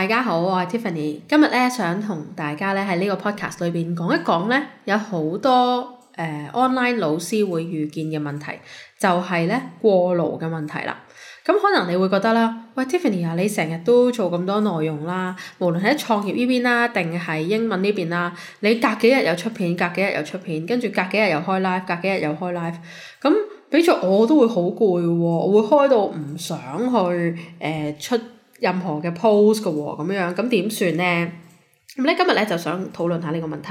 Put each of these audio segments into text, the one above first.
大家好，我係 Tiffany，今日咧想同大家咧喺呢個 podcast 裏邊講一講咧，有好多誒 online、呃、老師會遇見嘅問題，就係、是、咧過勞嘅問題啦。咁、嗯、可能你會覺得啦，喂 Tiffany 啊，你成日都做咁多內容啦，無論喺創業呢邊啦，定係英文呢邊啦，你隔幾日又出片，隔幾日又出片，跟住隔幾日又開 live，隔幾日又開 live，咁俾咗我都會好攰喎，我會開到唔想去誒、呃、出任何嘅 post 㗎喎，咁樣咁點算咧？咁咧今日咧就想討論下呢個問題。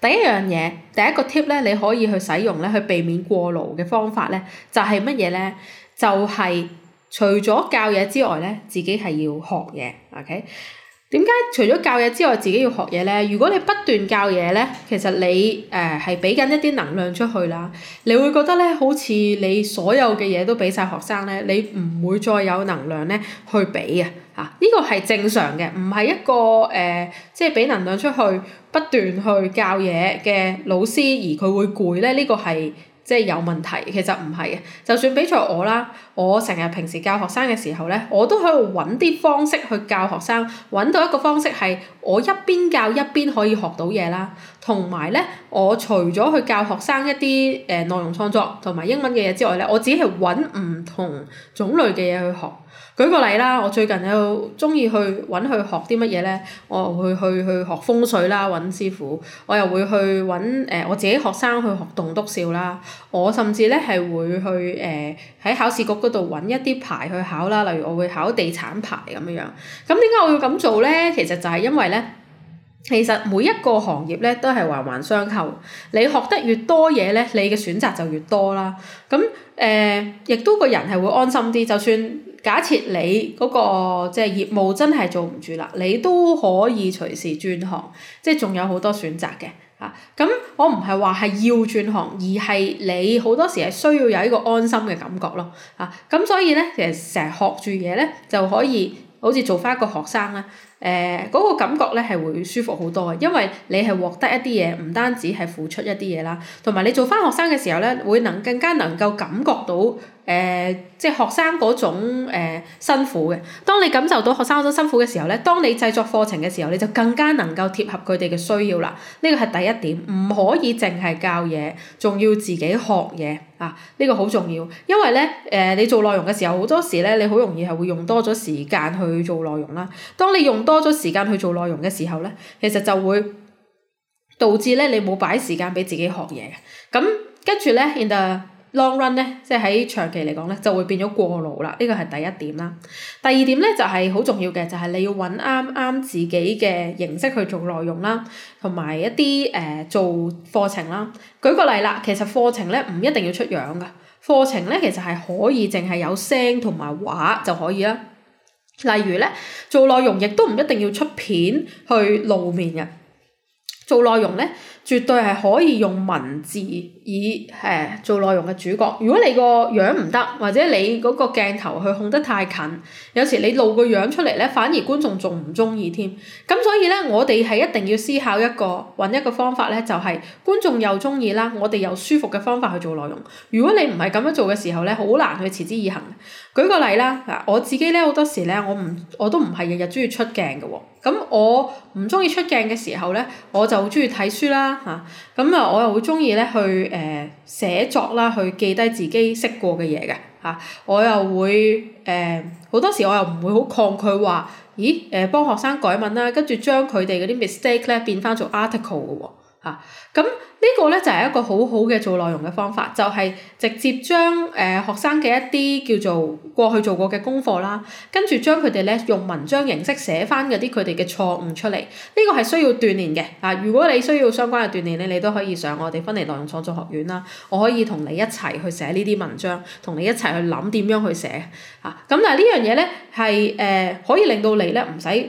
第一樣嘢，第一個 tip 咧，你可以去使用咧，去避免過勞嘅方法咧，就係乜嘢咧？就係除咗教嘢之外咧，自己係要學嘢，OK？點解除咗教嘢之外，自己要學嘢呢？如果你不斷教嘢呢，其實你誒係俾緊一啲能量出去啦。你會覺得呢，好似你所有嘅嘢都俾晒學生呢，你唔會再有能量呢去俾啊！嚇，呢個係正常嘅，唔係一個誒、呃，即係俾能量出去不斷去教嘢嘅老師，而佢會攰呢。呢個係。即係有問題，其實唔係嘅。就算比作我啦，我成日平時教學生嘅時候呢，我都喺度揾啲方式去教學生，揾到一個方式係我一邊教一邊可以學到嘢啦。同埋咧，我除咗去教學生一啲誒、呃、內容創作同埋英文嘅嘢之外咧，我自己係揾唔同種類嘅嘢去學。舉個例啦，我最近又中意去揾去學啲乜嘢咧，我會去去學風水啦，揾師傅，我又會去揾誒、呃、我自己學生去學棟篤笑啦。我甚至咧係會去誒喺、呃、考試局嗰度揾一啲牌去考啦，例如我會考地產牌咁樣樣。咁點解我要咁做咧？其實就係因為咧。其實每一個行業咧都係環環相扣，你學得越多嘢咧，你嘅選擇就越多啦。咁誒，亦、呃、都個人係會安心啲。就算假設你嗰個即係業務真係做唔住啦，你都可以隨時轉行，即係仲有好多選擇嘅嚇。咁、啊、我唔係話係要轉行，而係你好多時係需要有一個安心嘅感覺咯嚇。咁、啊、所以咧，其實成日學住嘢咧就可以。好似做翻一個學生咧，誒、呃、嗰個感覺呢係會舒服好多嘅，因為你係獲得一啲嘢，唔單止係付出一啲嘢啦，同埋你做翻學生嘅時候呢，會能更加能夠感覺到誒、呃，即係學生嗰種誒、呃、辛苦嘅。當你感受到學生嗰種辛苦嘅時候呢，當你製作課程嘅時候，你就更加能夠貼合佢哋嘅需要啦。呢個係第一點，唔可以淨係教嘢，仲要自己學嘢。啊！呢個好重要，因為呢，誒、呃，你做內容嘅時候，好多時呢，你好容易係會用多咗時間去做內容啦。當你用多咗時間去做內容嘅時候呢，其實就會導致呢，你冇擺時間俾自己學嘢嘅。咁跟住呢，然 Long run 呢，即係喺長期嚟講呢，就會變咗過勞啦。呢個係第一點啦。第二點呢，就係好重要嘅，就係你要揾啱啱自己嘅形式去做內容啦，同埋一啲誒、呃、做課程啦。舉個例啦，其實課程呢唔一定要出樣㗎，課程呢其實係可以淨係有聲同埋畫就可以啦。例如呢，做內容亦都唔一定要出片去露面嘅。做內容呢，絕對係可以用文字以誒做內容嘅主角。如果你個樣唔得，或者你嗰個鏡頭去控得太近，有時你露個樣出嚟呢，反而觀眾仲唔中意添。咁所以呢，我哋係一定要思考一個，揾一個方法呢，就係、是、觀眾又中意啦，我哋又舒服嘅方法去做內容。如果你唔係咁樣做嘅時候呢，好難去持之以恆。舉個例啦，我自己咧好多時咧，我唔、哦、我都唔係日日中意出鏡嘅喎。咁我唔中意出鏡嘅時候咧，我就、啊、我會中意睇書啦，嚇、呃。咁啊，我又會中意咧去誒寫作啦，去記低自己識過嘅嘢嘅嚇。我又會誒好多時我又唔會好抗拒話，咦誒幫、呃、學生改文啦，跟住將佢哋嗰啲 mistake 咧變翻做 article 嘅喎。啊，咁、這個、呢個咧就係、是、一個好好嘅做內容嘅方法，就係、是、直接將誒、呃、學生嘅一啲叫做過去做過嘅功課啦，跟住將佢哋咧用文章形式寫翻嗰啲佢哋嘅錯誤出嚟。呢、這個係需要鍛煉嘅。啊，如果你需要相關嘅鍛煉咧，你都可以上我哋芬尼內容創作學院啦。我可以同你一齊去寫呢啲文章，同你一齊去諗點樣去寫。啊，咁但係呢樣嘢咧係誒可以令到你咧唔使誒。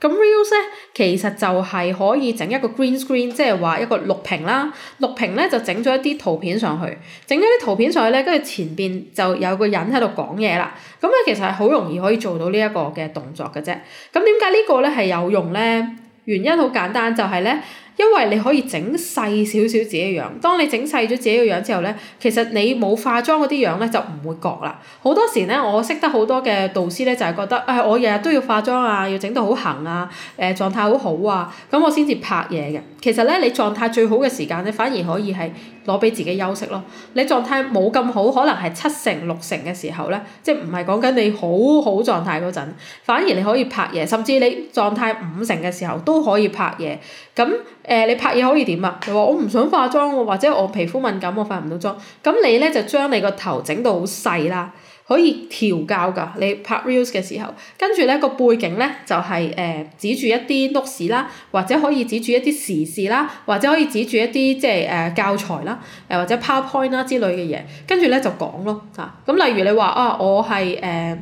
咁 reels 咧，其實就係可以整一個 green screen，即係話一個綠屏啦。綠屏咧就整咗一啲圖片上去，整咗啲圖片上去咧，跟住前邊就有個人喺度講嘢啦。咁咧其實係好容易可以做到呢一個嘅動作嘅啫。咁點解呢個咧係有用咧？原因好簡單就呢，就係咧。因為你可以整細少少自己樣，當你整細咗自己個樣之後呢，其實你冇化妝嗰啲樣呢，就唔會覺啦。好多時呢，我識得好多嘅導師呢，就係、是、覺得，誒、哎、我日日都要化妝啊，要整到好行啊，誒狀態好好啊，咁我先至拍嘢嘅。其實呢，你狀態最好嘅時間呢，反而可以係攞俾自己休息咯。你狀態冇咁好，可能係七成六成嘅時候呢，即係唔係講緊你好好狀態嗰陣，反而你可以拍嘢，甚至你狀態五成嘅時候都可以拍嘢。咁誒、呃、你拍嘢可以點啊？佢話我唔想化妝喎，或者我皮膚敏感，我化唔到妝。咁你咧就將你個頭整到好細啦，可以調校㗎。你拍 reels 嘅時候，跟住咧個背景咧就係、是、誒、呃、指住一啲 notes 啦，或者可以指住一啲時事啦，或者可以指住一啲即係誒、呃、教材啦，誒、呃、或者 PowerPoint 啦之類嘅嘢，跟住咧就講咯嚇。咁、啊、例如你話啊，我係誒。呃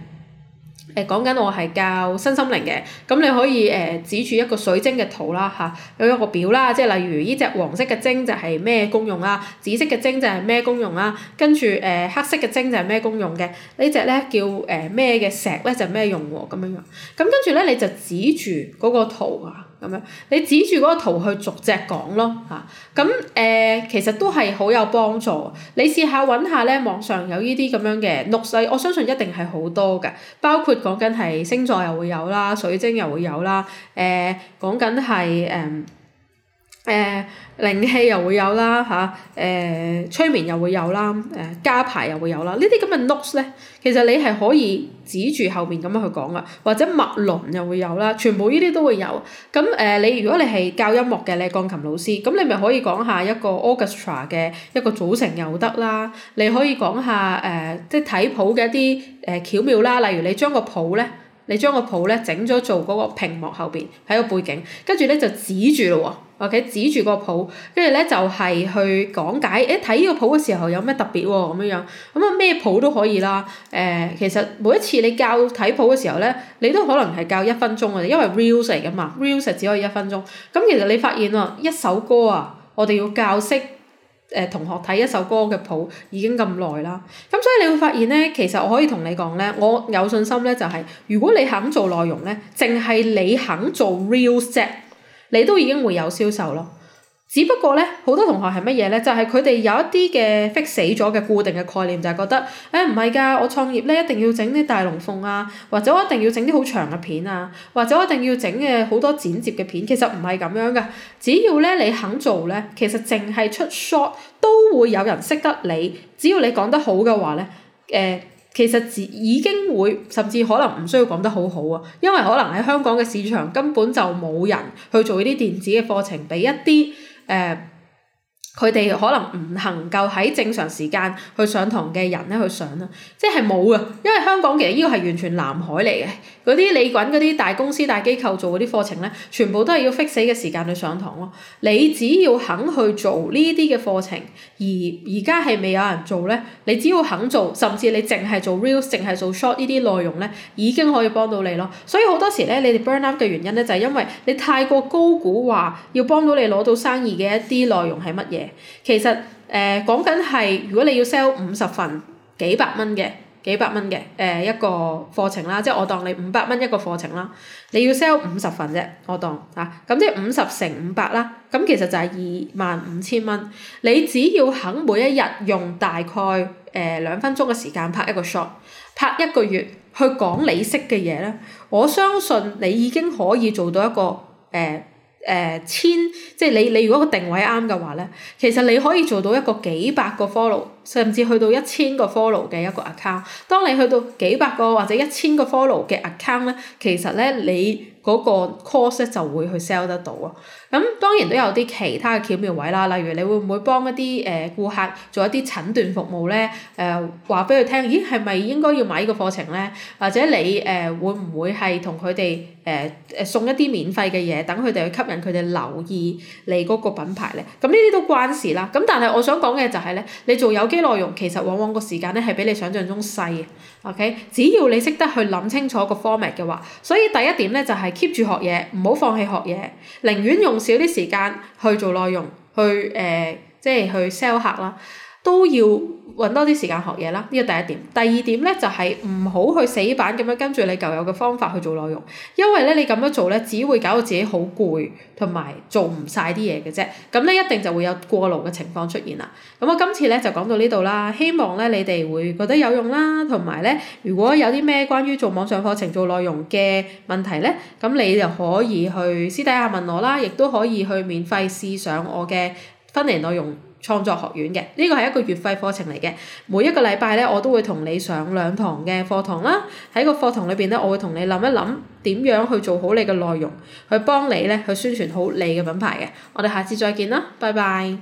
誒講緊我係教身心靈嘅，咁你可以誒、呃、指住一個水晶嘅圖啦嚇、啊，有一個表啦，即係例如呢隻黃色嘅晶就係咩功用啦，紫色嘅晶就係咩功用啦，跟住誒黑色嘅晶就係咩功用嘅，隻呢隻咧叫誒咩嘅石咧就咩、是、用喎咁樣樣，咁跟住咧你就指住嗰個圖啊。咁樣，你指住嗰個圖去逐隻講咯嚇，咁、啊、誒、嗯、其實都係好有幫助。你試下揾下咧，網上有呢啲咁樣嘅六細，我相信一定係好多嘅，包括講緊係星座又會有啦，水晶又會有啦，誒講緊係誒。誒靈、呃、氣又會有啦吓，誒、啊呃、催眠又會有啦，誒、呃、加排又會有啦，這這呢啲咁嘅 notes 咧，其實你係可以指住後面咁樣去講噶，或者脈輪又會有啦，全部呢啲都會有。咁、嗯、誒、呃，你如果你係教音樂嘅咧，鋼琴老師，咁你咪可以講下一個 orchestra 嘅一個組成又得啦，你可以講下誒、呃，即係睇譜嘅一啲誒、呃、巧妙啦，例如你將個譜咧，你將個譜咧整咗做嗰個屏幕後邊喺個背景，跟住咧就指住咯喎。或者、okay？指住個譜，跟住咧就係、是、去講解。誒睇呢個譜嘅時候有咩特別喎、啊？咁樣樣，咁啊咩譜都可以啦。誒、呃，其實每一次你教睇譜嘅時候咧，你都可能係教一分鐘嘅，因為 reels 嚟㗎嘛，reels 只可以一分鐘。咁、嗯、其實你發現啊，一首歌啊，我哋要教識誒、呃、同學睇一首歌嘅譜已經咁耐啦。咁、嗯、所以你會發現咧，其實我可以同你講咧，我有信心咧，就係、是、如果你肯做內容咧，淨係你肯做 reels 啫。你都已經會有銷售咯，只不過呢，好多同學係乜嘢呢？就係佢哋有一啲嘅 fix 死咗嘅固定嘅概念，就係覺得，唉、哎，唔係㗎，我創業呢，一定要整啲大龍鳳啊，或者我一定要整啲好長嘅片啊，或者我一定要整嘅好多剪接嘅片，其實唔係咁樣㗎。只要呢，你肯做呢，其實淨係出 shot 都會有人識得你，只要你講得好嘅話呢。誒、呃。其實已已經會，甚至可能唔需要講得好好啊，因為可能喺香港嘅市場根本就冇人去做呢啲電子嘅課程，俾一啲誒。佢哋可能唔能夠喺正常時間去上堂嘅人咧去上啦，即係冇啊！因為香港其實呢個係完全南海嚟嘅，嗰啲你揾嗰啲大公司大機構做啲課程咧，全部都係要 fixed 嘅時間去上堂咯。你只要肯去做呢啲嘅課程，而而家係未有人做咧，你只要肯做，甚至你淨係做 real，淨係做 short 呢啲內容咧，已經可以幫到你咯。所以好多時咧，你哋 burn out 嘅原因咧，就係因為你太過高估話要幫到你攞到生意嘅一啲內容係乜嘢。其實誒講緊係，如果你要 sell 五十份幾百蚊嘅幾百蚊嘅誒一個課程啦，即係我當你五百蚊一個課程啦，你要 sell 五十份啫，我當嚇，咁、啊、即係五十乘五百啦，咁、嗯、其實就係二萬五千蚊。你只要肯每一日用大概誒兩、呃、分鐘嘅時間拍一個 shot，拍一個月去講你識嘅嘢咧，我相信你已經可以做到一個誒。呃誒、呃，千，即係你你如果個定位啱嘅話咧，其實你可以做到一個幾百個 follow。甚至去到一千個 follow 嘅一個 account，當你去到幾百個或者一千個 follow 嘅 account 咧，其實咧你嗰個 course 咧就會去 sell 得到啊。咁、嗯、當然都有啲其他嘅巧妙位啦，例如你會唔會幫一啲誒顧客做一啲診斷服務咧？誒話俾佢聽咦係咪應該要買呢個課程咧？或者你誒、呃、會唔會係同佢哋誒誒送一啲免費嘅嘢，等佢哋去吸引佢哋留意你嗰個品牌咧？咁呢啲都關事啦。咁、嗯、但係我想講嘅就係咧，你做有機。啲內容其實往往個時間咧係比你想象中細嘅，OK？只要你識得去諗清楚個 format 嘅話，所以第一點咧就係 keep 住學嘢，唔好放棄學嘢，寧願用少啲時間去做內容，去誒、呃，即係去 sell 客啦。都要揾多啲時間學嘢啦，呢個第一點。第二點呢，就係唔好去死板咁樣跟住你舊有嘅方法去做內容，因為咧你咁樣做呢，只會搞到自己好攰，同埋做唔晒啲嘢嘅啫。咁呢，一定就會有過勞嘅情況出現啦。咁我今次呢，就講到呢度啦，希望呢，你哋會覺得有用啦，同埋呢，如果有啲咩關於做網上課程做內容嘅問題呢，咁你就可以去私底下問我啦，亦都可以去免費試上我嘅芬尼內容創作學院嘅，呢個係一個月費課程嚟嘅，每一個禮拜咧我都會同你上兩堂嘅課堂啦，喺個課堂裏邊咧我會同你諗一諗點樣去做好你嘅內容，去幫你咧去宣傳好你嘅品牌嘅，我哋下次再見啦，拜拜。